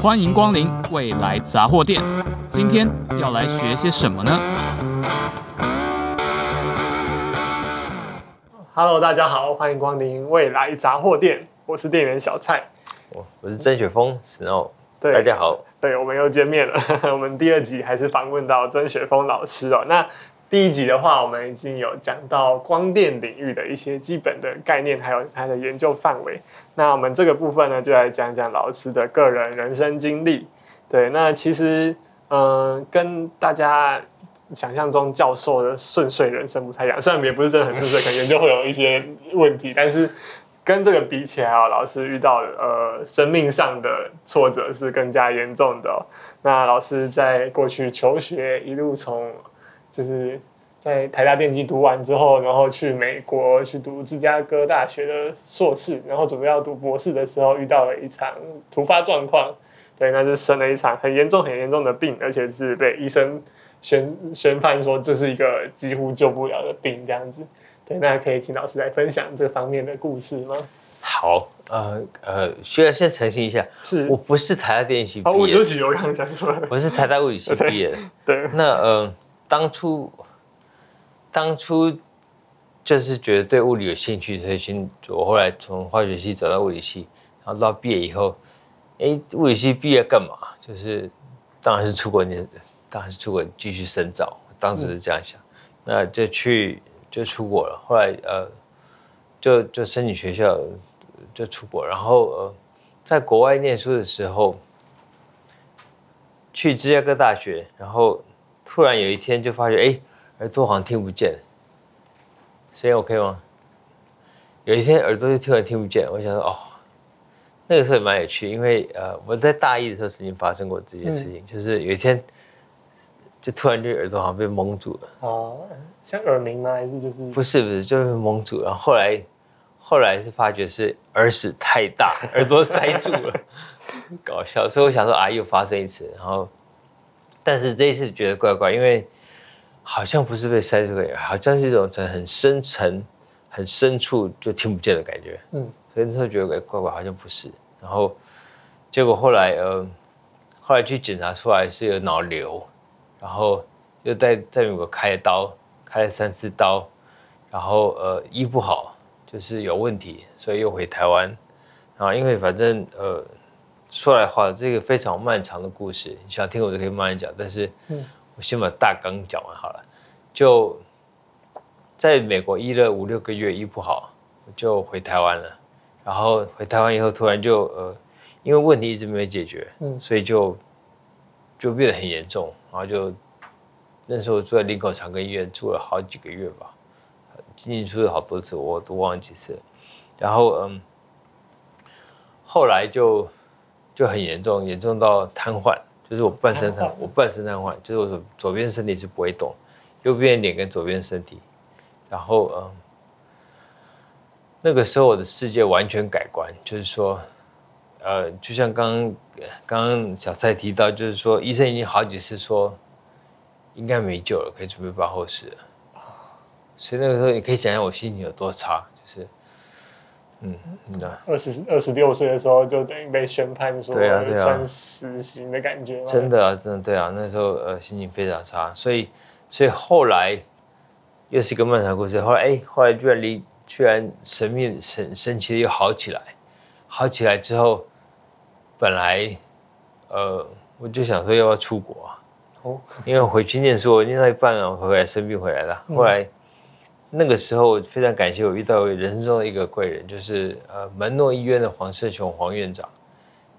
歡迎光臨未來雜貨店，今天要來學些什麼呢？Hello，大家好，歡迎光臨未來雜貨店，我是店員小蔡，我我是曾雪峰、嗯、Snow，對大家好，對，我們又見面了， 我們第二集還是訪問到曾雪峰老師哦，那。第一集的話，我們已經有講到光電領域的一些基本的概念，還有它的研究範圍。那我們這個部分呢，就來講講老師的個人人生經歷。對，那其實，嗯、呃，跟大家想象中教授的順遂人生不太一樣。雖然也不是真的很順遂，可能研究會有一些問題，但是跟這個比起來，哦，啊，老師遇到呃生命上的挫折是更加嚴重的，哦。那老師在過去求學一路從。就是在台大電機讀完之後，然後去美國去讀芝加哥大學的碩士，然後準備要讀博士的時候，遇到了一場突發狀況。對，那就生了一場很嚴重、很嚴重的病，而且是被醫生宣宣判說這是一個幾乎救不了的病。這樣子，對，那可以請老師來分享這方面的故事嗎？好，呃呃，需要先澄清一下，是我不是台大電機畢業，哦、我剛剛講出來，我是台大物理系畢業 對。對，那嗯……呃當初，當初就是覺得對物理有興趣，所以先我後來從化學系轉到物理系。然後到畢業以後，哎，物理系畢業幹嘛？就是當然是出國念，當然是出國繼續深造。當時是這樣想，嗯、那就去就出國了。後來呃，就就申請學校，就出國。然後呃，在國外念書的時候，去芝加哥大學，然後。突然有一天就發覺，哎，耳朵好像聽不見，聲音 OK 嗎？有一天耳朵就突然聽不見，我想說，哦，那個時候也蠻有趣，因為呃，我在大一的時候曾經發生過這件事情，嗯，就是有一天就突然就耳朵好像被蒙住了啊，像耳鳴嗎？啊？還是就是？不是不是，就是蒙住。然後後來後來是發覺是耳屎太大， 耳朵塞住了，搞笑。所以我想說，啊，又發生一次，然後。但是這一次覺得怪怪，因為好像不是被塞出去，好像是一種很深沉，很深處就聽不見的感覺。嗯，所以那時候覺得怪怪，好像不是。然後結果後來，呃，後來去檢查出來是有腦瘤，然後又在在美國開了刀，開了三次刀，然後呃，醫不好，就是有問題，所以又回台灣。然後因為反正呃。說來話，這個非常漫長的故事，你想聽我就可以慢慢講。但是，嗯，我先把大綱講完好了。嗯。就在美國醫了五六個月，醫不好，就回台灣了。然後回台灣以後，突然就呃，因為問題一直沒有解決，嗯，所以就就變得很嚴重。然後就那時候我住在林口長庚醫院住了好幾個月吧，進出了好多次，我都忘了幾次。然後嗯，後來就。就很嚴重，嚴重到癱瘓，就是我半身癱，我半身癱瘓，就是我左邊身體是不會動，右邊臉跟左邊身體，然後嗯、呃，那個時候我的世界完全改觀，就是說，呃，就像剛剛剛剛小蔡提到，就是說醫生已經好幾次說，應該沒救了，可以準備辦後事了，所以那個時候你可以想象我心情有多差。嗯，真二十二十六歲的時候就等於被宣判說算、啊啊、死刑的感覺。真的啊，真的對啊，那時候呃心情非常差，所以所以後來又是一個漫長的故事。後來哎、欸，後來居然離，居然神秘神神奇的又好起來，好起來之後，本來呃我就想說要不要出國、啊、哦，因為回去念書，我念到一半我、啊、回來生病回來了，後來。嗯那個時候，非常感謝我遇到人生中的一個貴人，就是呃，門諾醫院的黃勝雄黃院長，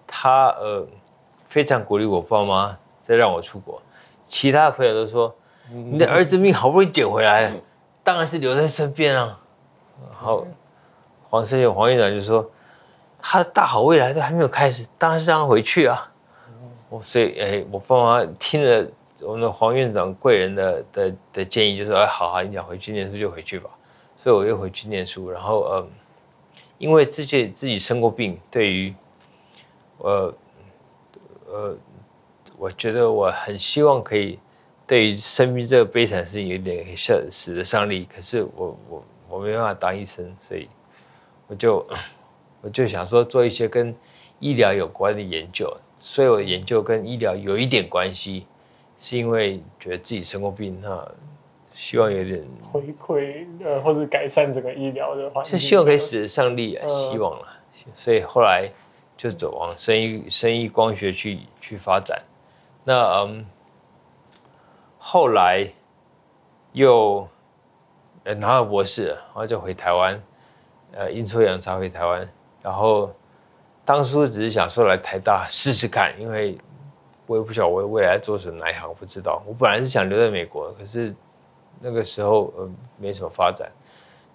他呃非常鼓勵我爸媽再讓我出國。其他的朋友都說：“你的兒子命好不容易撿回來，當然是留在身邊啊。”好，黃勝雄黃院長就說：“他的大好未來都還沒有開始，當然是讓他回去啊。”我所以，哎，我爸媽聽了。我們的黃院長貴人的的的建議就是說、哎，好好，你想回去念書就回去吧。所以我又回去念書。然後，呃、嗯，因為自己自己生過病，對於我、呃，呃，我覺得我很希望可以對於生命這個悲慘事情有點可使得上力。可是我我我沒辦法當醫生，所以我就、嗯、我就想說做一些跟醫療有關的研究。所以我的研究跟醫療有一點關係。是因為覺得自己生過病，那希望有點回饋呃，或者改善整個醫療的話，就希望可以使得上力，啊呃、希望了，所以後來就走往生醫生醫光學去去發展。那嗯，後來又呃拿了博士了，然後就回台灣，呃陰錯陽差回台灣，然後當初只是想說來台大試試看，因為。我也不曉得我未來做什麼哪一行，我不知道。我本來是想留在美國，可是那個時候呃沒什麼發展，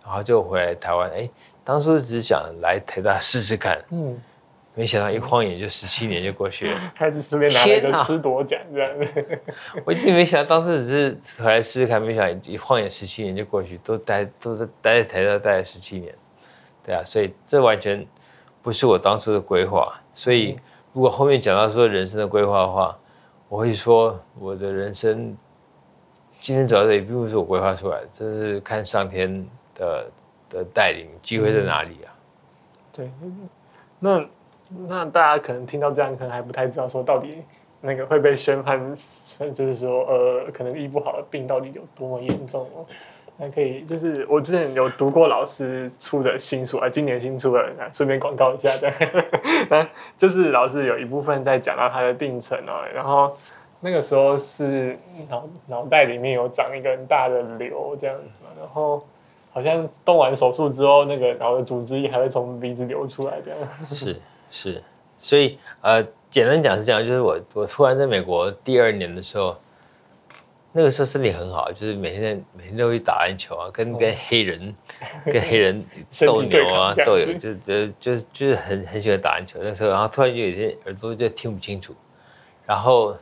然後就回來台灣。哎，當初只是想來台大試試看，嗯，沒想到一晃眼就十七年就過去了，開始隨便拿了個師鐸獎，這樣。我一直沒想到，當時只是回來試試看，沒想到一晃眼十七年就過去，都待都在待在台大待了十七年，對啊，所以這完全不是我當初的規劃，所以、嗯。如果後面講到說人生的規劃的話，我會說我的人生，今天走到這裡並不是我規劃出來的，這是看上天的的帶領，機會在哪裡啊？嗯、對，那那大家可能聽到這樣，可能還不太知道說到底那個會被宣判，就是說呃，可能醫不好的病到底有多麼嚴重哦。還、啊、可以，就是我之前有讀過老師出的新書啊，今年新出的，啊、順便廣告一下這樣。哈哈哈、啊，就是老師有一部分在講到他的病程哦，然後那個時候是腦腦袋裡面有長一個很大的瘤這樣子、啊，然後好像動完手術之後，那個腦的組織液還會從鼻子流出來這樣。是是，所以呃，簡單講是這樣，就是我我突然在美國第二年的時候。那個時候身體很好，就是每天每天都會打籃球啊，跟跟黑人，哦、跟黑人 鬥牛啊，鬥牛，就就就就是很很喜歡打籃球。那時候，然後突然就有些耳朵就聽不清楚，然後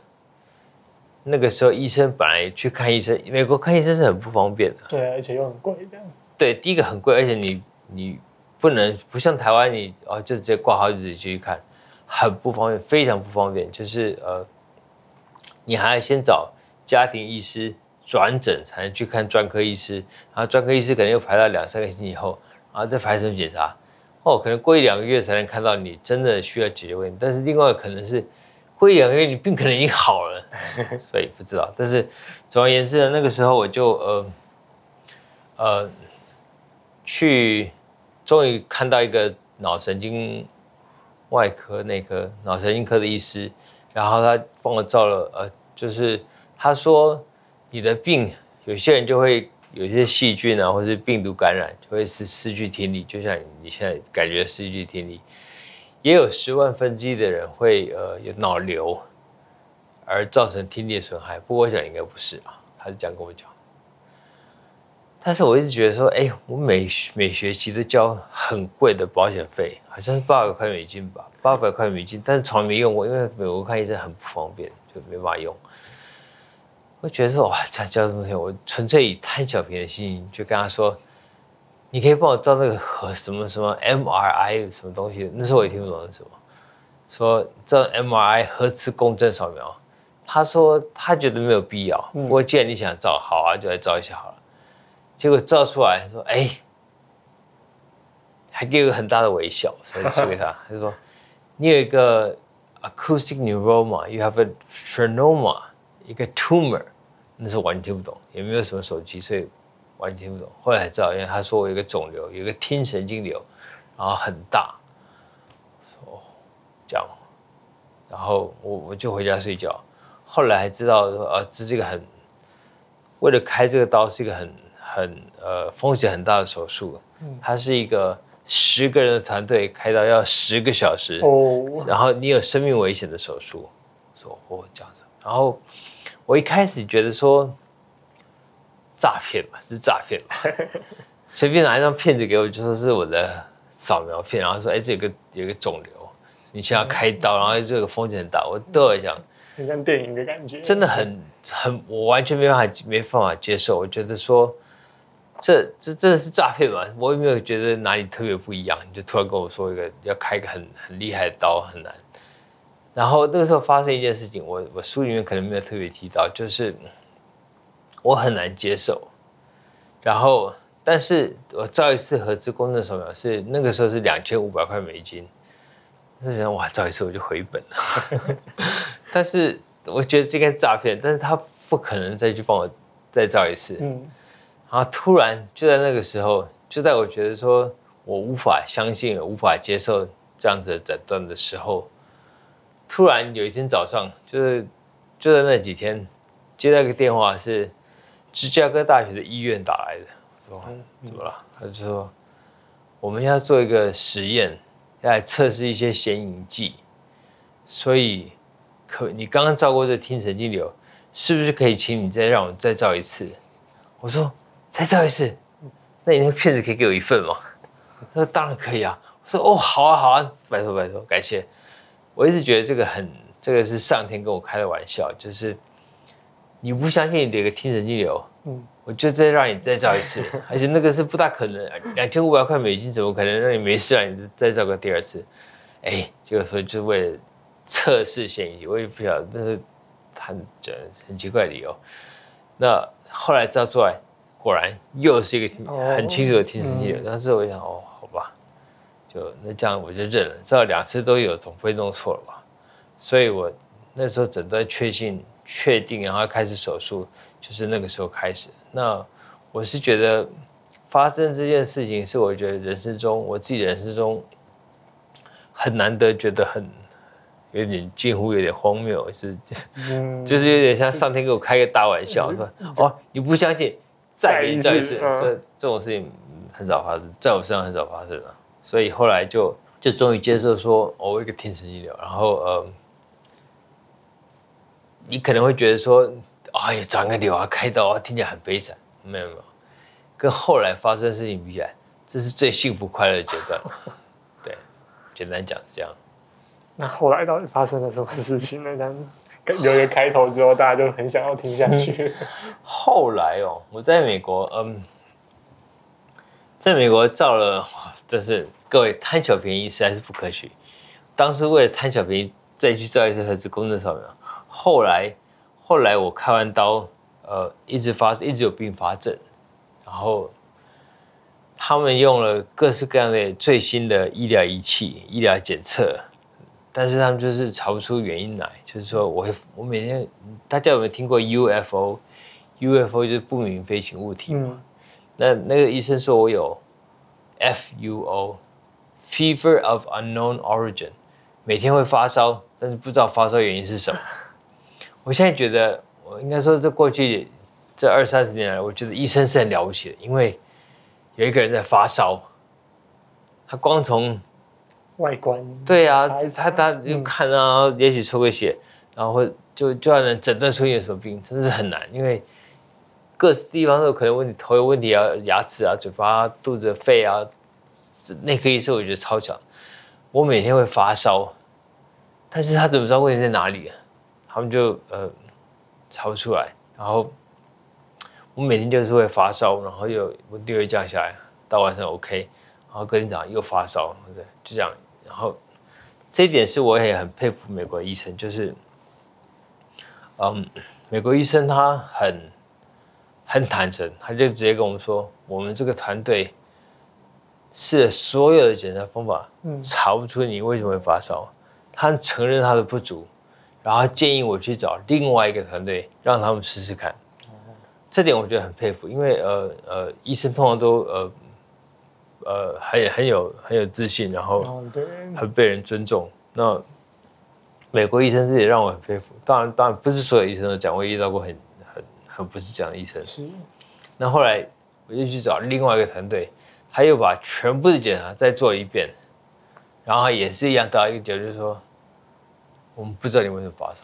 那個時候醫生本來去看醫生，美國看醫生是很不方便的，對、啊，而且又很貴。對，第一個很貴，而且你你不能不像台灣，你哦就直接掛號自己去看，很不方便，非常不方便。就是呃，你還要先找。家庭醫師轉診才能去看專科醫師，然後專科醫師可能又排到兩三個星期以後，然後再排什麼檢查？哦，可能過一兩個月才能看到你真的需要解決問題。但是另外可能是過一兩個月你病可能已經好了，所以不知道。但是總而言之呢，那個時候我就呃呃去終於看到一個腦神經外科、內科、腦神經科的醫師，然後他幫我照了呃就是。他說：“你的病，有些人就會有些細菌啊，或者病毒感染，就會失失去聽力，就像你現在感覺失去聽力。也有十萬分之一的人會呃有腦瘤，而造成聽力損害。不過我想應該不是吧，他是這樣跟我講。但是我一直覺得說，哎、欸，我每學每學期都交很貴的保險費，好像是八百塊美金吧，八百塊美金。但從來沒用過，因為美國看醫生很不方便，就沒法用。”我覺得說哇,這叫什我純粹以貪小便宜的心情，就跟他說，你可以幫我照那個核什麼什麼 M R I 什麼東西，那時候我也聽不懂是什麼，說照 M R I 核磁共振掃描。他說他覺得沒有必要，不過既然你想照，好啊，就來照一下好了。結果照出來，他說哎，還給我很大的微笑，所以給他。 他說，你有一個 acoustic neuroma，you have a t r h a n o m a 一個 tumor。那是完全聽不懂，也沒有什麼手機，所以完全聽不懂。後來還知道，因為他說我有一個腫瘤，有個聽神經瘤，然後很大，說哦，這樣。然後我我就回家睡覺。後來還知道，呃，這是一個很為了開這個刀是一個很很呃風險很大的手術，嗯，它是一個十個人的團隊開刀要十個小時，哦、嗯，然後你有生命危險的手術，說哦，這樣子。然後。我一開始覺得說，詐騙嘛，是詐騙嘛，隨 便拿一張片子給我，就說是我的掃描片，然後說，哎、欸，這有個有個腫瘤，你需要開刀，然後這個風險很大，我都會講，很像電影的感覺，真的很很，我完全沒辦法沒辦法接受，我覺得說，這這這是詐騙嘛。我有沒有覺得哪裡特別不一樣？你就突然跟我說一個要開一個很很厲害的刀很難。然後那個時候發生一件事情，我我書裡面可能沒有特別提到，就是我很難接受。然後，但是我照一次核磁共振的時候是那個時候是兩千五百塊美金，那人哇，照一次我就回本了。 但是我覺得這應該是詐騙，但是他不可能再去幫我再照一次。嗯，然後突然就在那個時候，就在我覺得說我無法相信、我無法接受這樣子的診斷，斷的時候。突然有一天早上，就是就在那幾天，接到一個電話，是芝加哥大學的醫院打來的，說怎麼了？他就說我們要做一個實驗，要來測試一些顯影劑，所以可你剛剛照過這聽神經瘤，是不是可以請你再讓我再照一次？我說再照一次，那你那個片子可以給我一份嗎？他說當然可以啊。我說哦，好啊好啊，拜託拜託，感謝。我一直覺得這個很，這個是上天跟我開的玩笑，就是你不相信你的一個聽神經瘤、嗯，我就再讓你再照一次， 而且那個是不大可能，兩千五百塊美金怎麼可能讓你沒事啊？你再照個第二次，哎，這個時候就為了測試嫌疑，我也不曉得，但是他很很奇怪的理由。那後來照出來，果然又是一個很清楚的聽神經瘤，但是、哦、嗯、我想哦。就那這樣，我就認了。至少兩次都有，總不會弄錯了吧？所以，我那時候診斷、確信、確定，然後開始手術，就是那個時候開始。那我是覺得發生這件事情，是我覺得人生中，我自己人生中很難得，覺得很有點近乎有點荒謬，就是、嗯、就是有點像上天給我開個大玩笑，嗯、說哦你不相信，再、再一次，這、嗯、這種事情很少發生，在我身上很少發生啊。所以後來就就終於接受說，哦、我一個聽神經瘤。然後呃，你可能會覺得說，哎、哦、呀，長個瘤啊，開刀啊，聽起來很悲慘，沒有沒有，跟後來發生的事情比起來，這是最幸福快樂的階段， 對，簡單講是這樣。那後來到底發生了什麼事情呢？那留一個開頭之後， 大家就很想要聽下去。後來哦，我在美國，嗯，在美國照了。這是各位貪小便宜實在是不可取。當時為了貪小便宜，再去照一次核磁共振掃描。後來，後來我開完刀，呃，一直發生，一直有併發症。然後，他們用了各式各樣的最新的醫療儀器、醫療檢測，但是他們就是查不出原因來。就是說我會，我我每天，大家有沒有聽過 UFO？UFO UFO 就是不明明飛行物體。嗯，那那個醫生說我有。F U O，fever of unknown origin，每天會發燒，但是不知道發燒原因是什麼。我現在覺得，我應該說這過去這二三十年來，我覺得醫生是很了不起的，因為有一個人在發燒，他光從外觀，對啊，他他就看啊，嗯、也許抽個血，然後就就要能診斷出有什麼病，真是很難，因為。各地方都有可能問題，頭有問題啊，牙齒啊，嘴巴啊、肚子、肺啊，內科醫生我覺得超強。我每天會發燒，但是他怎麼知道問題在哪裡啊？他們就呃查不出來。然後我每天就是會發燒，然後又溫度會降下來，到晚上 OK，然後隔天早上又發燒，對，就這樣。然後這一點是我也很佩服美國醫生，就是嗯，美國醫生他很。很坦誠，他就直接跟我們說，我們這個團隊試了所有的檢查方法，查不出你為什麼會發燒。他承認他的不足，然後建議我去找另外一個團隊，讓他們試試看。嗯、這點我覺得很佩服，因為呃呃，醫生通常都呃呃很很有很有自信，然後很被人尊重。那美國醫生自己也讓我很佩服。當然，當然不是所有醫生都講，我遇到過很。不是這樣的醫生。那後來我就去找另外一個團隊，他又把全部的檢查再做一遍，然後也是一樣，到一個結論說，我們不知道你為什麼發燒，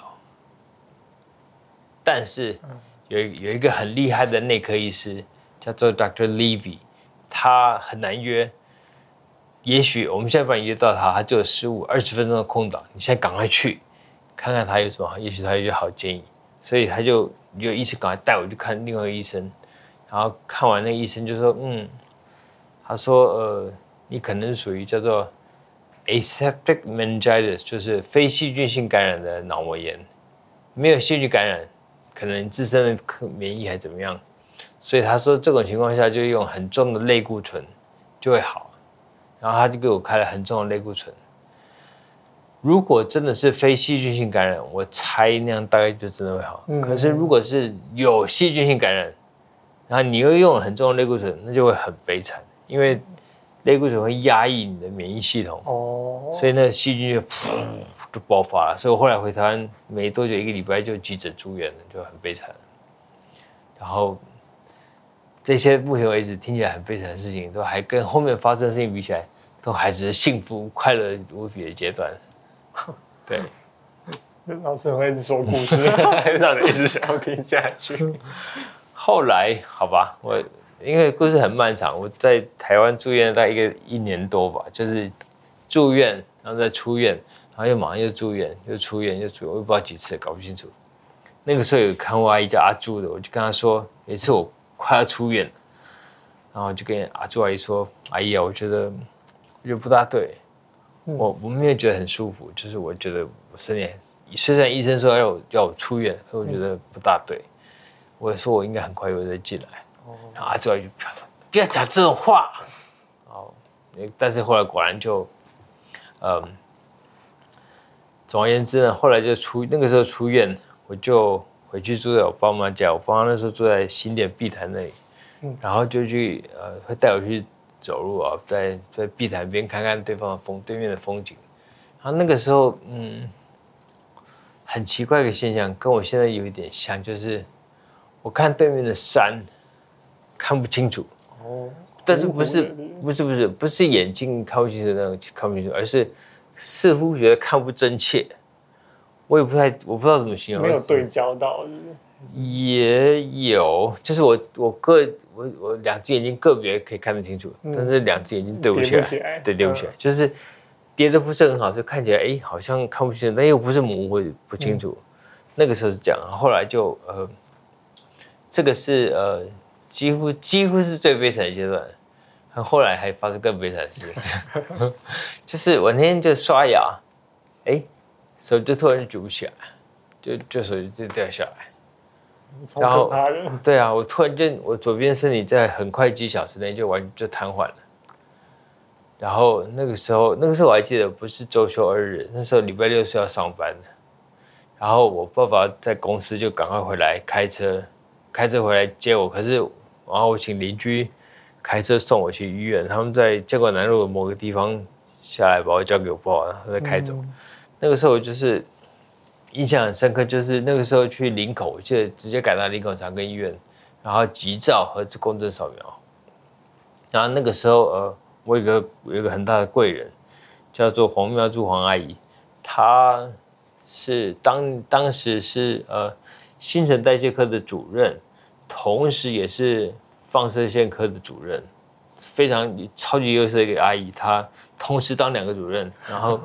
但是有有一個很厲害的內科醫師叫做 Dr. Levy，他很難約，也許我們現在幫你約到他，他就有十五二十分鐘的空檔，你現在趕快去看看他有什麼，也許他有些好建議，所以他就。就醫生趕快帶我去看另外一個醫生，然後看完那個醫生就說，嗯，他說，呃，你可能屬於叫做，aseptic meningitis，就是非細菌性感染的腦膜炎，沒有細菌感染，可能自身的免疫還怎麼樣，所以他說這種情況下就用很重的類固醇就會好，然後他就給我開了很重的類固醇。如果真的是非細菌性感染，我猜那樣大概就真的會好。嗯、可是如果是有細菌性感染，然後你又用了很重的類固醇，那就會很悲慘，因為類固醇會壓抑你的免疫系統，哦，所以那個細菌就噗就爆發了。所以我後來回台灣沒多久，一個禮拜就急診住院了，就很悲慘。然後這些目前為止聽起來很悲慘的事情，都還跟後面發生的事情比起來，都還只是幸福快樂無比的階段。對，老師會一直說故事， 讓你一直想要聽下去。 後來，好吧，我因為故事很漫長，我在台灣住院大概一個一年多吧，就是住院，然後再出院，然後又馬上又住院，又出院，又住院，我又不知道幾次，搞不清楚。那個時候有看護阿姨叫阿朱的，我就跟她說，有一次我快要出院然後就跟阿朱阿姨說：“阿姨啊，我覺得我覺得不大對。”我我沒有覺得很舒服，就是我覺得我身體，雖然醫生說要我要我出院，所以我覺得不大對。嗯、我說我應該很快又再進來，嗯、然後阿、啊、哲就不要講這種話。哦，但是後來果然就，嗯，總而言之呢，後來就出那個時候出院，我就回去住在我爸媽家，我爸媽那時候住在新店碧潭那裡，然後就去呃，會帶我去。走路啊，在在碧潭邊看看對方的風，對面的風景。然後那個時候，嗯，很奇怪的現象，跟我現在有一點像，就是我看對面的山，看不清楚。哦。但是不是紅紅不是不是不是眼睛看不清楚那種看不清楚，而是似乎覺得看不真切。我也不太我不知道怎麼形容。沒有對焦到是不是？嗯也有，就是我我個我我兩只眼睛個別可以看得清楚，嗯，但是兩只眼睛對不起來，起來對，嗯，對不起來，就是疊得不是很好，就看起來哎好像看不清楚，但又不是模糊不清楚，嗯。那個時候是這樣，後來就呃，這個是呃幾乎幾乎是最悲慘的階段，後來還發生更悲慘的事， 就是我那天就刷牙，哎，手就突然舉不起來，就就手就掉下來。然後，對啊，我突然間，我左邊身體在很快幾小時內就完就癱瘓了。然後那個時候，那個時候我還記得不是周休二日，那時候禮拜六是要上班的。然後我爸爸在公司就趕快回來開車，開車回來接我。可是，然後我請鄰居開車送我去醫院。他們在建國南路的某個地方下來，把我交給我爸爸，然後再開走、嗯。那個時候我就是。印象很深刻，就是那個時候去林口，就直接趕到林口長庚醫院，然後急照核磁共振掃描。然後那個時候，呃，我有個有個很大的貴人，叫做黃妙珠黃阿姨，她是當當時是呃新陳代謝科的主任，同時也是放射線科的主任，非常超級優秀的一個阿姨，她同時當兩個主任。然後，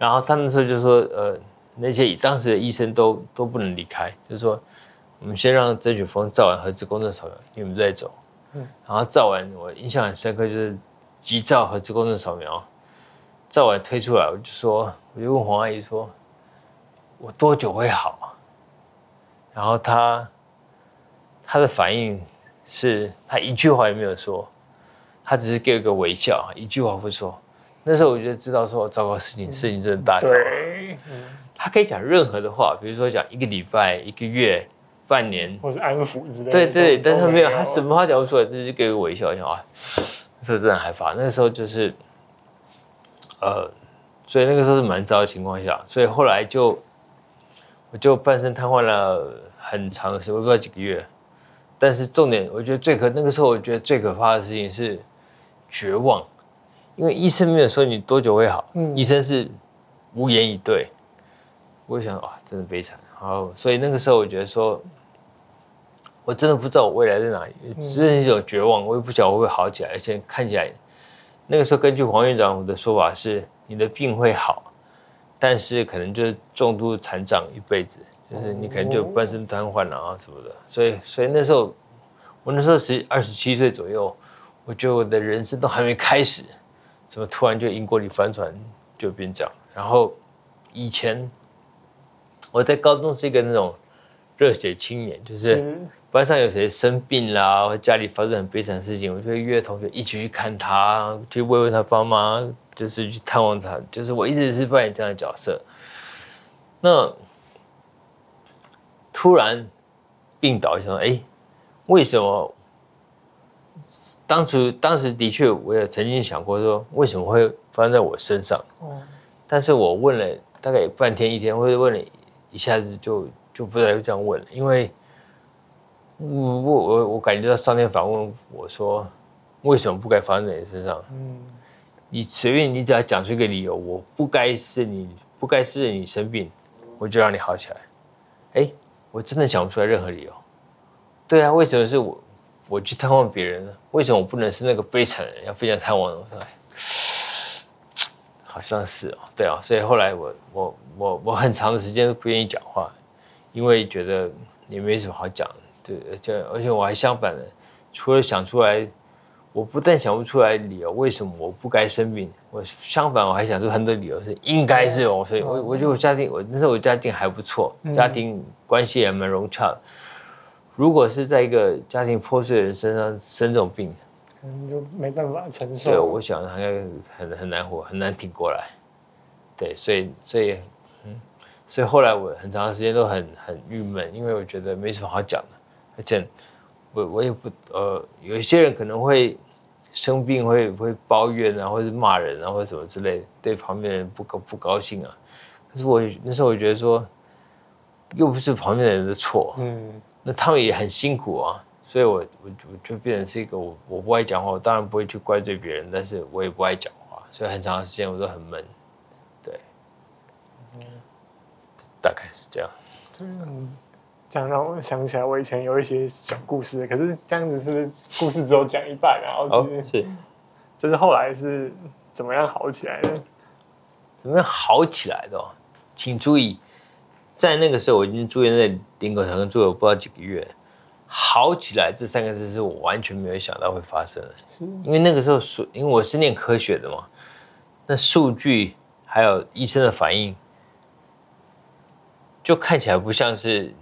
然後她那時候就說，呃。那些當時的醫生都都不能離開，就是說，我們先讓曾雪峰照完核磁共振掃描，你們再走。嗯，然後照完，我印象很深刻，就是急照核磁共振掃描，照完推出來，我就說，我就問黃阿姨說，我多久會好？然後她，她的反應是她一句話也沒有說，她只是給我一個微笑，一句話不說。那時候我就知道說，糟糕，事情，事情真的大、嗯、對。嗯他可以講任何的話，比如說講一個禮拜、一個月、半年，或是安撫之類，對對，但是沒有，他什麼話講不出來，只是給我微笑一下我啊。那時候真的很害怕，那個時候就是，呃，所以那個時候是蠻糟的情況下，所以後來就我就半身癱瘓了很長的時間，我不知道幾個月。但是重點，我覺得最可那個時候，我覺得最可怕的事情是絕望，因為醫生沒有說你多久會好，嗯，醫生是無言以對。我想哇、啊，真的悲慘。然後，所以那個時候我覺得說，我真的不知道我未來在哪裡，只是一種絕望。我也不曉得我會不會好起來，而且看起來那個時候，根據黃院長的說法是，你的病會好，但是可能就是重度殘障一輩子，就是你可能就半身癱瘓了啊什麼的。所以，所以那時候我那時候是二十七歲左右，我覺得我的人生都還沒開始，怎麼突然就陰溝裡翻船就變這樣？然後以前。我在高中是一個那種熱血青年，就是班上有誰生病啦、啊，或家裡發生很悲慘的事情，我就會約同學一起去看他，去慰問他爸媽，就是去探望他。就是我一直是扮演這樣的角色。那突然病倒一下，哎，為什麼？當初當時的確我也曾經想過說，說為什麼會發生在我身上？嗯、但是我問了大概半天一天，會問了，一下子就就不再這樣問了，因為我我我感覺到上天反問我說，為什麼不該發生在你身上？嗯，你隨便，你只要講出一個理由，我不該是你，不該是你生病，我就讓你好起來。哎，我真的想不出來任何理由。對啊，為什麼是我，我去探望別人呢？為什麼我不能是那個悲慘的人？要非常探望呢我？好像是哦，對啊，所以後來我我。我我很長的時間都不願意講話，因為覺得也沒什麼好講的。對，而且而且我還相反的，除了想出來，我不但想不出來理由為什麼我不該生病，我相反我還想出很多理由是應該是我。Yes, 所以我我覺得我家庭，嗯、我那時候我家庭還不錯，家庭關係也蠻融洽，嗯。如果是在一個家庭破碎的人身上生這種病，可能就沒辦法承受。對，我想應該很很難活，很難挺過來。對，所以所以。所以後來我很長時間都很很鬱悶，因為我覺得沒什麼好講的，而且我我也不呃，有一些人可能會生病會會抱怨啊，或者是罵人啊，或者什麼之類，對旁邊人不不高興啊。可是我那時候我覺得說，又不是旁邊的人的錯，嗯，那他們也很辛苦啊，所以我我就變成是一個我我不愛講話，我當然不會去怪罪別人，但是我也不愛講話，所以很長時間我都很悶。大概是這樣，嗯，這樣讓我想起來，我以前有一些小故事。可是這樣子是不是故事只有講一半啊？ 然後是、哦、是，就是後來是怎麼樣好起來的？怎麼樣好起來的，哦？請注意，在那個時候，我已經住院在林口長庚住了不知道幾個月。好起來這三個字是我完全沒有想到會發生的，是，因為那個時候數，因為我是念科學的嘛，那數據還有醫生的反應。就看起來不像是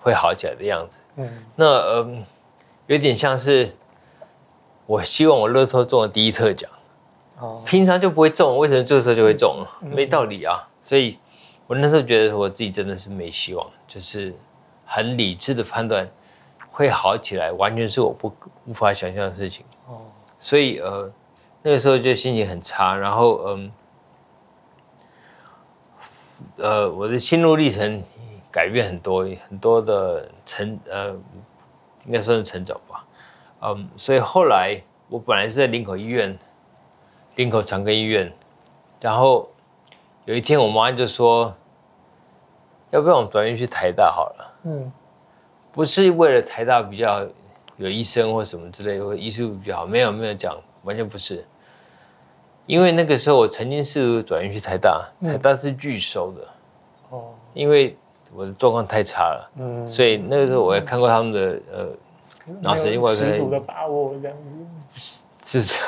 會好起來的樣子，嗯，那呃有點像是我希望我樂透中了第一特獎，哦，平常就不會中，為什麼這個時候就會中？嗯，沒道理啊！所以，我那時候覺得我自己真的是沒希望，就是很理智的判斷會好起來，完全是我不無法想象的事情，哦，所以呃那個時候就心情很差，然後嗯。呃，我的心路歷程改變很多很多的成呃，應該算是成長吧，嗯，所以後來我本來是在林口醫院，林口長庚醫院，然後有一天我媽就說，要不要我們轉院去台大好了？嗯，不是為了台大比較有醫生或什麼之類，或醫術比較好，沒有沒有講，完全不是。 因為那個時候我曾經試圖轉院去台大，台大是拒收的，嗯，因為我的狀況太差了，嗯，所以那個時候我也看過他們的呃，是沒有十足的把握這樣，是，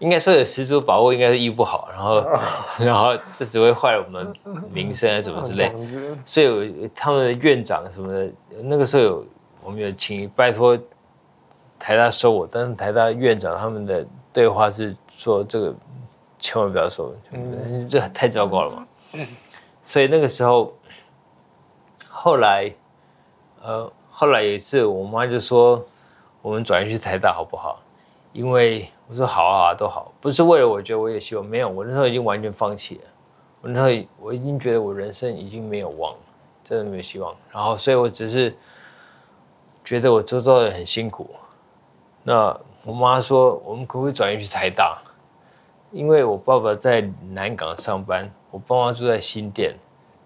應該說有十足把握應該是醫不好，然後、哦、然後這只會壞我們的名聲啊什麼之類，所以他們的院長什麼的，那個時候有我們有請拜託台大收我，但是台大院長他們的對話是說這個。千萬不要說，這太糟糕了嘛、嗯。所以那個時候，後來，呃，後來有一次，我媽就說：“我們轉院去台大好不好？”因為我說：“啊、好啊，都好。”不是為了，我覺得我也希望沒有。我那時候已經完全放棄了，我那時候我已經覺得我人生已經沒有望，真的沒有希望。然後，所以我只是覺得我做做的很辛苦。那我媽說：“我們可不可以轉院去台大？”因為我爸爸在南港上班，我爸媽住在新店，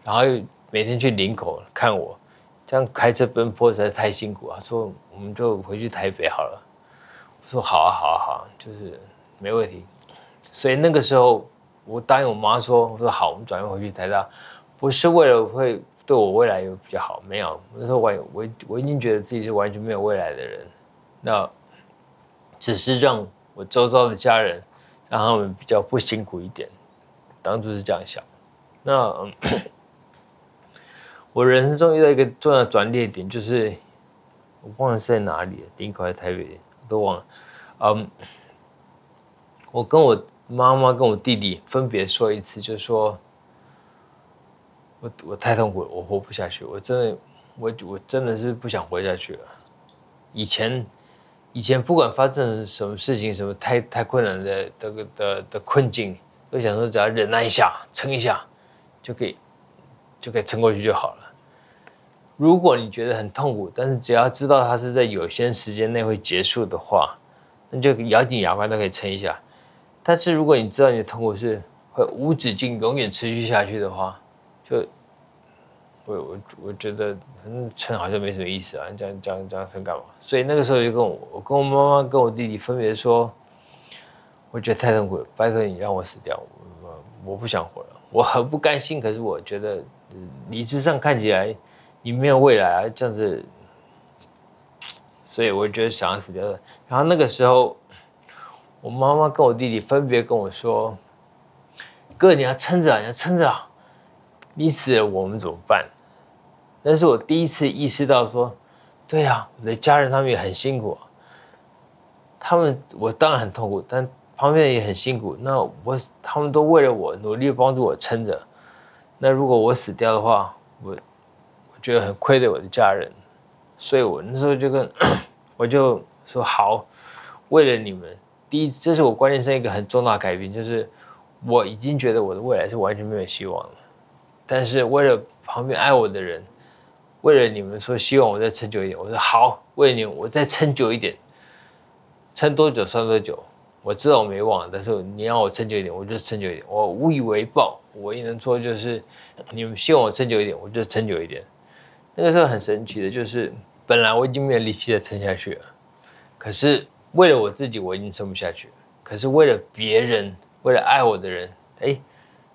然後又每天去林口看我，這樣開車奔波實在太辛苦了。說我們就回去台北好了。我說好啊好啊好啊，就是沒問題。所以那個時候我答應我媽說，我說好，我們轉院回去台大，不是為了會對我未來有比較好，沒有。那時候我我我已經覺得自己是完全沒有未來的人，那只是讓我周遭的家人，讓他們比較不辛苦一點，當初是這樣想。那我人生中遇到一個重要轉折點，就是我忘了是在哪裡，林口還是台北，我都忘了。嗯，我跟我媽媽跟我弟弟分別說一次，就是說我我太痛苦了，我活不下去，我真的，我我真的是不想活下去了。以前以前不管發生什麼事情，什麼太太困難的、的的的、的困境，都想說只要忍耐一下，撐一下，就可以就可以撐過去就好了。如果你覺得很痛苦，但是只要知道它是在有限時間內會結束的話，那就咬緊牙關都可以撐一下。但是如果你知道你的痛苦是會無止境、永遠持續下去的話，就。我我覺得，嗯，撐好像沒什麼意思啊，你這樣這樣這樣撐幹嘛？所以那個時候就跟我、我跟我媽媽、跟我弟弟分別說，我覺得太痛苦了，拜託你讓我死掉，我，我不想活了，我很不甘心。可是我覺得，理智上看起來你沒有未來啊，這樣子，所以我就覺得想要死掉了。然後那個時候，我媽媽跟我弟弟分別跟我說，哥你要撐着啊，你要撐着啊，你死了我們怎麼辦？那是我第一次意識到說，對呀、啊，我的家人他們也很辛苦、啊，他們我當然很痛苦，但旁邊人也很辛苦。那我他們都為了我努力幫助我撐着。那如果我死掉的話，我我覺得很愧對我的家人，所以我那時候就跟 我就說好，為了你們，第一，這是我觀念上一個很重大改變，就是我已經覺得我的未來是完全沒有希望了。但是為了旁邊愛我的人。為了你們說希望我再撐久一點，我說好，為了你我再撐久一點，撐多久算多久。我知道我沒忘，但是你讓我撐久一點，我就撐久一點。我無以為報，唯一能做的就是你們希望我撐久一點，我就撐久一點。那個時候很神奇的，就是本來我已經沒有力氣再撐下去了，可是為了我自己我已經撐不下去，可是為了別人，為了愛我的人，哎。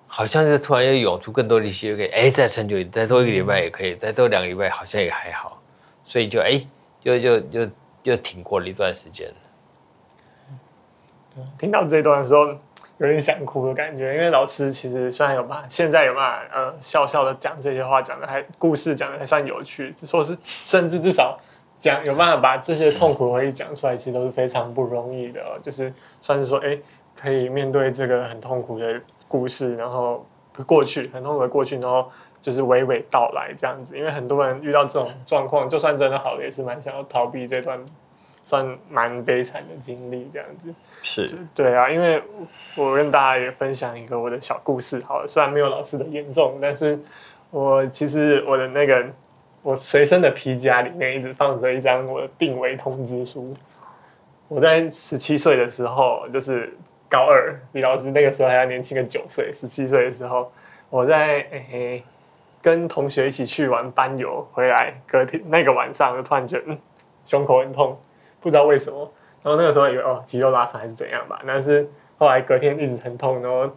好像就突然又湧出更多力氣，可以哎，再撐久，再多一個禮拜也可以，再多兩個禮拜好像也還好，所以就哎，就就就就挺過了一段時間。聽到這段的時候，有點想哭的感覺，因為老師其實雖然有把現在有把嗯、呃，笑笑的講這些話，講的還故事講的還算有趣，說是甚至至少講有辦法把這些痛苦回憶講出來，其實都是非常不容易的，哦，就是算是說哎，可以面對這個很痛苦的。故事，然後過去很多人的過去，然後就是娓娓道來這樣子。因為很多人遇到這種狀況，就算真的好的也是蠻想要逃避這段算蠻悲慘的經歷這樣子。是，對啊，因為我跟大家也分享一個我的小故事，好了，雖然沒有老師的嚴重，但是我其實我的那個我隨身的皮夾裡面一直放着一張我的病危通知書。我在十七歲的時候，就是。高二，比老師那個時候還要年輕個九歲，十七歲的時候，我在、欸、跟同學一起去玩班遊，回來隔天那個晚上就突然覺得胸口很痛，不知道為什麼。然後那個時候以為哦，肌肉拉傷還是怎樣吧，但是後來隔天一直很痛，然後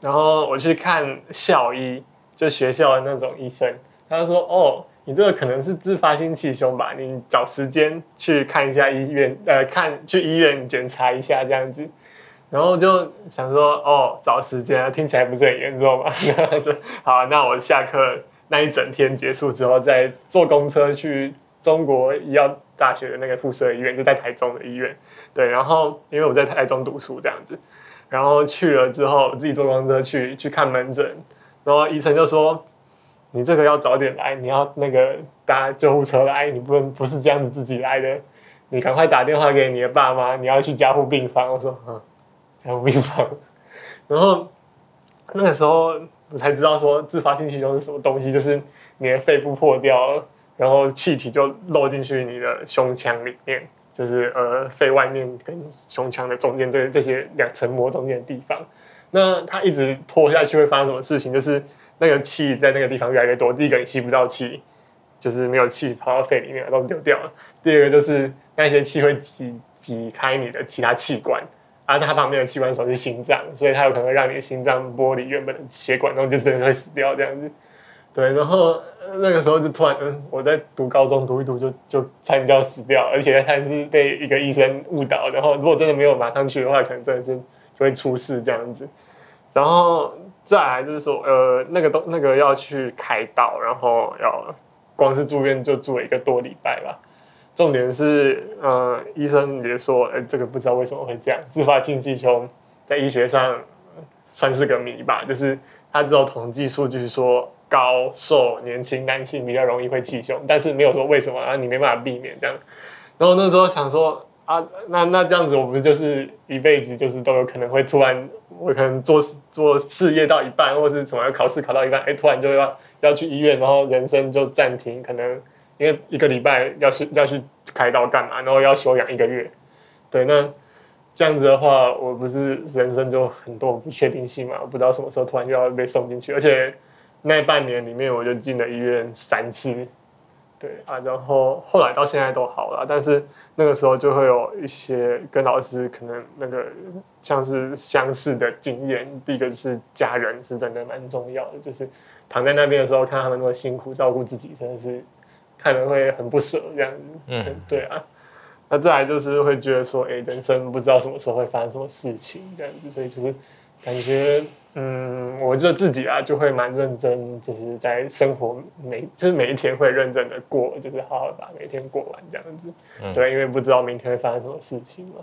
然後我去看校醫，就學校的那種醫生，他就說：“哦，你這個可能是自發性氣胸吧，你找時間去看一下醫院，呃，看去醫院檢查一下這樣子。”然後就想說，哦，找時間啊，聽起來不是很嚴重嗎？ 就好，那我下課那一整天結束之後，再坐公車去中國醫藥大學的那個附設醫院，就在台中的醫院。對，然後因為我在台中讀書這樣子，然後去了之後，自己坐公車去去看門診，然後醫生就說，你這個要早點來，你要那個搭救護車來，你不能不是這樣子自己來的，你趕快打電話給你的爸媽，你要去加護病房。我說，嗯。有病房，然後那個時候我才知道說自發性氣胸是什麼東西，就是你的肺部破掉了，然後氣體就漏進去你的胸腔裡面，就是呃肺外面跟胸腔的中間這這些兩層膜中間的地方。那它一直拖下去會發生什麼事情？就是那個氣在那個地方越來越多，第一個你吸不到氣，就是沒有氣跑到肺裡面都流掉了；第二個就是那些氣會擠擠開你的其他器官。啊，他旁邊的器官手是心臟，所以他有可能讓你的心臟剝離原本的血管然後，就真的會死掉這樣子。對，然後那個時候就突然，我在讀高中讀一讀就就差點就要死掉，而且還是被一個醫生誤導。然後如果真的沒有馬上去的話，可能真的是就會出事這樣子。然後再來就是說，呃，那個東那個要去開刀，然後要光是住院就住了一個多禮拜吧。重點是，嗯、呃，醫生也說，哎、欸，這個不知道為什麼會這樣，自發性氣胸在醫學上算是個謎吧。就是他知道統計數據說高瘦年輕男性比較容易會氣胸，但是沒有說為什麼啊，你沒辦法避免這樣。然後那時候想說，啊，那那這樣子我們就是一輩子就是都有可能會突然，我可能做做事業到一半，或是怎麼樣考試考到一半，欸，突然就要要去醫院，然後人生就暫停，可能。因為一個禮拜要去要去開刀幹嘛，然後要休養一個月。對，那這樣子的話，我不是人生就很多不確定性嘛？我不知道什麼時候突然又要被送進去，而且那半年裡面我就進了醫院三次。對啊，然後後來到現在都好了，但是那個時候就會有一些跟老師可能那個像是相似的經驗。第一個是家人是真的蠻重要的，就是躺在那邊的時候，看他們那麼辛苦照顧自己，真的是。可能會很不捨這樣子，嗯，對啊。那再來就是會覺得說，哎、欸，人生不知道什麼時候會發生什麼事情這樣子，所以就是感覺，嗯，我覺得自己啊，就會蠻認真，就是在生活每就是每一天會認真的過，就是好好把每一天過完這樣子，對，因為不知道明天會發生什麼事情嘛。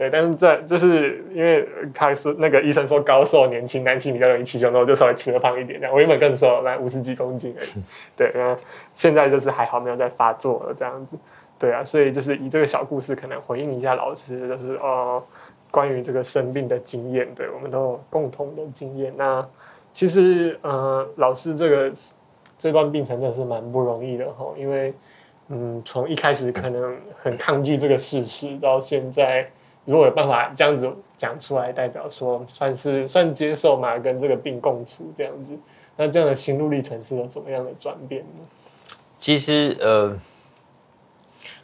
對，但是在就是因為開始那個醫生說，高瘦年輕男性比較容易氣胸，那我就稍微吃的胖一點這樣，這我原本更瘦，來五十幾公斤而已。對，然後，嗯，現在就是還好沒有再發作了這樣子。對啊，所以就是以這個小故事，可能回應一下老師，就是哦，關於這個生病的經驗，對我們都有共同的經驗。那其實呃，老師這個這段病程真的是蠻不容易的哈，因為嗯，從一開始可能很抗拒這個事實，到現在。如果有辦法這樣子講出來，代表說算是算接受嘛，跟這個病共處這樣子。那這樣的心路歷程是有怎麼樣的轉變呢？其實呃，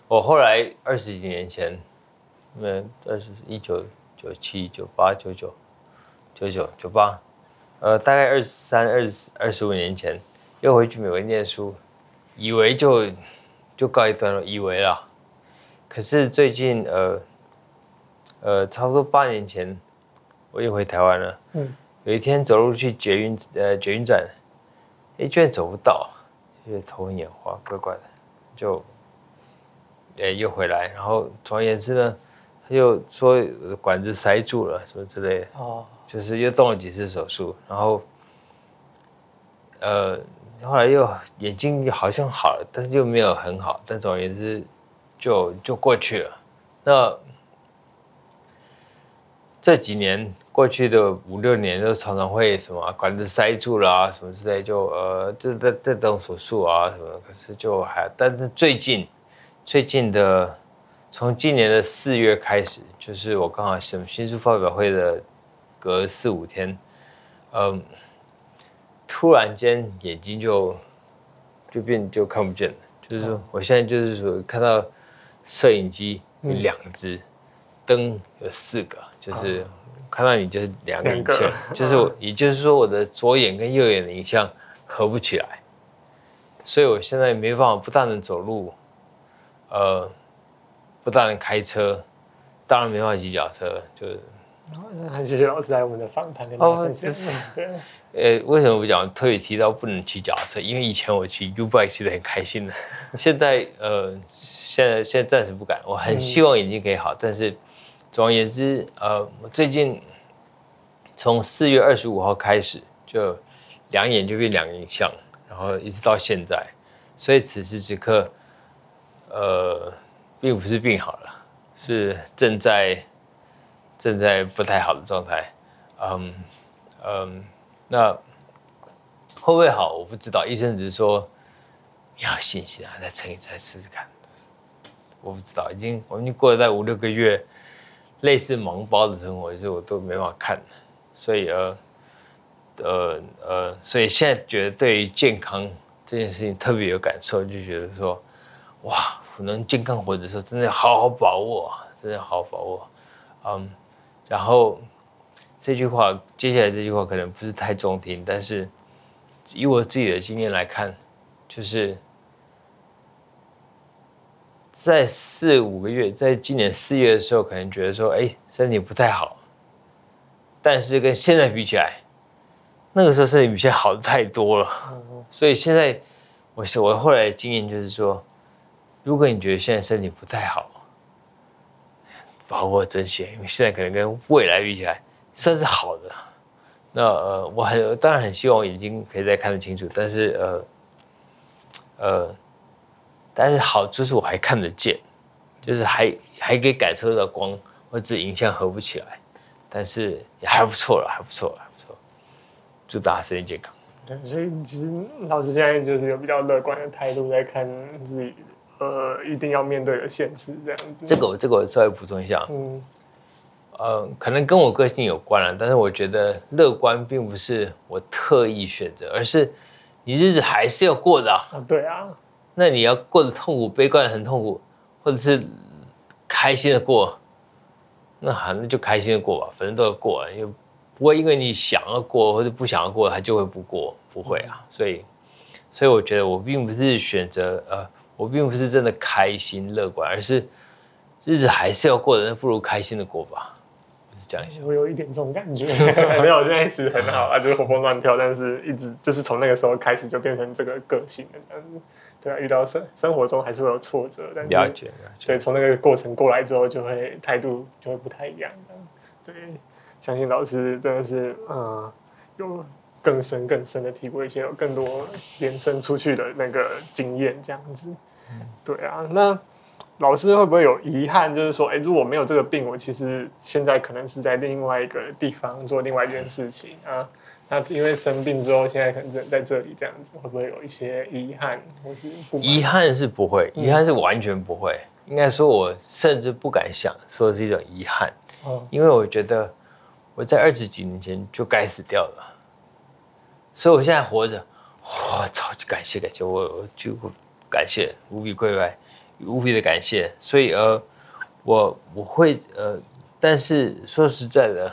我後來二十幾年前，嗯，二十一九九七九八九九九九九八，呃，大概二十三二十二十五年前又回去美國念書，以為就就告一段落，以為啦。可是最近呃。呃，差不多八年前，我又回台灣了。嗯，有一天走路去捷運，呃，捷運站，哎、欸，居然走不到，就頭昏眼花，怪怪的，就，哎、欸，又回來。然後，總而言之呢，他就說管子塞住了，什麼之類的。哦，就是又動了幾次手術，然後，呃，後來又眼睛又好像好了，但是又沒有很好。但總而言之就，就就過去了。那。這幾年過去的五六年，都常常會什麼管子塞住了啊，什麼之類，就呃，就這這這種手術啊什麼的，可是就還，但是最近，最近的，從今年的四月開始，就是我剛好什麼新書發表會的，隔四五天，嗯，突然間眼睛就就變就看不見了，就是說我現在就是說看到攝影機有兩隻，嗯、燈有四個。就是看到你就是兩個影像，嗯，就是，嗯、也就是說我的左眼跟右眼的影像合不起來，嗯，所以我現在沒辦法，不但能走路，呃，不但能開車，當然沒辦法騎腳車，就是。哦，很謝謝老師來我們的訪談跟分享。對，哦。呃、欸，為什麼不講？特別提到不能騎腳車，因為以前我騎 U bike 騎的很開心的。現在呃，現在現在暫時不敢。我很希望眼睛可以好，嗯，但是。總而言之，呃，最近從四月二十五號開始，就兩眼就變兩個影像，然後一直到現在，所以此時此刻，呃，並不是病好了，是正在正在不太好的狀態，嗯嗯，那會不會好？我不知道，醫生只是說要信心啊，再撐一次再試一試看，我不知道，已經我們已經過了大概五六個月。類似盲胞的生活，就是我都沒法看，所以呃，呃呃，所以現在覺得對於健康這件事情特別有感受，就覺得說，哇，能健康活的時候，真的好好把握，真的好好把握，嗯，然後這句話，接下來這句話可能不是太中聽，但是以我自己的經驗來看，就是。在四五個月，在今年四月的時候，可能覺得說，哎、欸，身體不太好。但是跟現在比起來，那個時候身體比現在好的太多了。所以現在，我我後來的經驗就是說，如果你覺得現在身體不太好，把握珍惜，因為現在可能跟未來比起來算是好的。那呃，我很當然很希望我眼睛可以再看得清楚，但是呃，呃。但是好，就是我還看得見，就是還還可以感受到光，或者影像合不起來，但是也還不錯了，還不錯了，還不錯。祝大家身體健康。所以其實老師現在就是有比較樂觀的態度在看自己，呃，一定要面對的現實這樣子。這個我這個我稍微補充一下，嗯，呃，可能跟我個性有關了、啊，但是我覺得樂觀並不是我特意選擇，而是你日子還是要過的啊，啊對啊。那你要過得痛苦、悲觀、很痛苦，或者是開心的過，那好，那就開心的過吧，反正都要過了，因為不會因為你想要過或者不想要過，他就會不過，不會啊。所以，所以我覺得我並不是選擇，呃，我並不是真的開心樂觀，而是日子還是要過的，那不如開心的過吧，是這樣想，我有一點這種感覺，沒 有， 現在一直很好啊， 就是活蹦亂跳，但是一直就是從那個時候開始就變成這個個性的。這樣子。對啊，遇到生生活中還是會有挫折，但是，了解，了解，對，從那個過程過來之後，就會態度就會不太一樣。對，相信老師真的是嗯，有更深更深的體會，且有更多延伸出去的那個經驗這樣子。對啊，那老師會不會有遺憾？就是說，哎，如果沒有這個病，我其實現在可能是在另外一個地方做另外一件事情啊。那、啊、因為生病之後，現在可能只能在這裡這樣子，會不會有一些遺憾？或是遺憾是不會，遺、嗯、憾是完全不會。應該說，我甚至不敢想說是一種遺憾。哦、嗯。因為我覺得我在二十幾年前就該死掉了，所以我現在活着，我、哦、超級感謝，感謝我，我就感謝，無比跪拜，無比的感謝。所以呃，我我會呃，但是說實在的。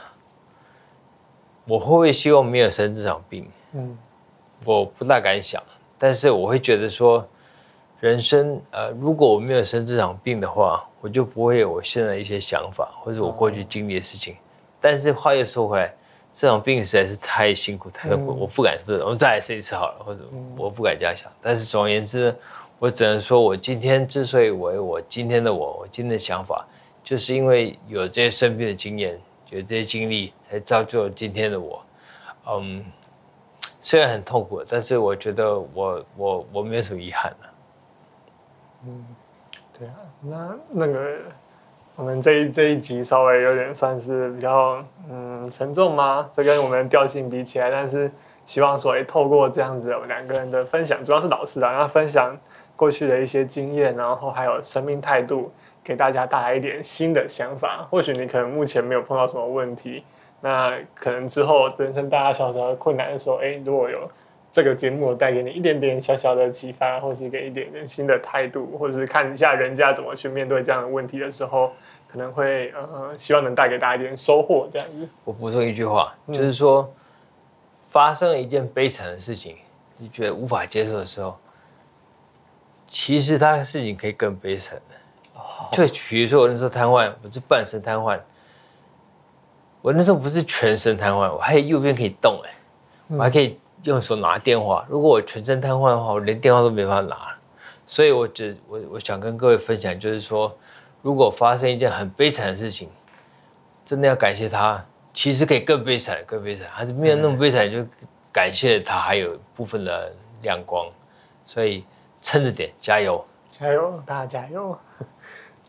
我會不會希望沒有生這場病？嗯，我不大敢想，但是我會覺得說，人生呃，如果我沒有生這場病的話，我就不會有我現在一些想法，或者我過去經歷的事情。哦、但是話又說回來，這場病實在是太辛苦，太苦、嗯，我不敢說，我們再來生一次好了，或者我不敢這樣想。嗯、但是總而言之，我只能說，我今天之所以為我，我今天的我，我今天的想法，就是因為有這些生病的經驗。有這些經歷，才造就今天的我。嗯、um，雖然很痛苦，但是我覺得我我我沒有什麼遺憾了、啊。嗯，對啊，那那個我們這一這一集稍微有點算是比較嗯沉重嘛，這跟我們調性比起來，但是希望說也、欸、透過這樣子我們兩個人的分享，主要是老師的、啊，然後分享過去的一些經驗，然後還有生命態度。給大家帶來一點新的想法，或許你可能目前沒有碰到什麼問題，那可能之後人生大大小小的困難的時候，哎，如果有這個節目帶給你一點點小小的啟發，或是給一點點新的態度，或者是看一下人家怎麼去面對這樣的問題的時候，可能會呃，希望能帶給大家一點收穫這樣子。我補充一句話，嗯，就是說，發生一件悲慘的事情，你覺得無法接受的時候，其實他的事情可以更悲慘的。Oh. 就比如說我那時候癱瘓，我是半身癱瘓。我那時候不是全身癱瘓，我還有右邊可以動哎、欸，我還可以用手拿電話、嗯。如果我全身癱瘓的話，我連電話都沒法拿。所以我，我只我我想跟各位分享，就是說，如果發生一件很悲慘的事情，真的要感謝他。其實可以更悲慘，更悲慘，還是沒有那麼悲慘，嗯、就感謝他還有部分的亮光。所以撐着點，加油，加油，大家加油。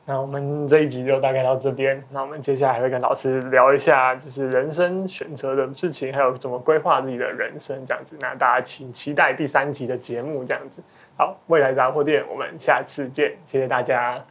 那我們這一集就大概到這邊。那我們接下來還會跟老師聊一下，就是人生選擇的事情，還有怎麼規劃自己的人生這樣子。那大家請期待第三集的節目這樣子。好，未來雜貨店，我們下次見，謝謝大家。